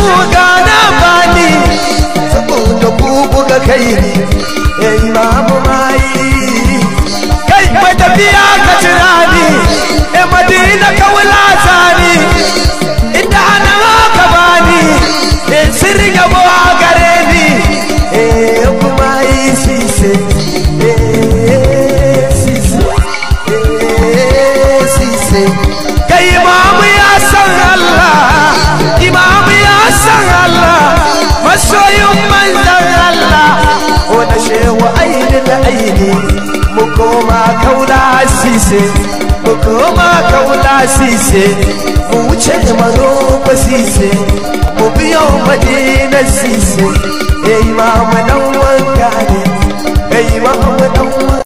wuka na bani saboda ku buga kai ya eh, imamu mai kai mai tafiya ka cirani e eh, madina ka wula zaini mu koma kaula sise mu koma kaula sise mu wuce manoma sise mu biyo madina sise eh imamu nan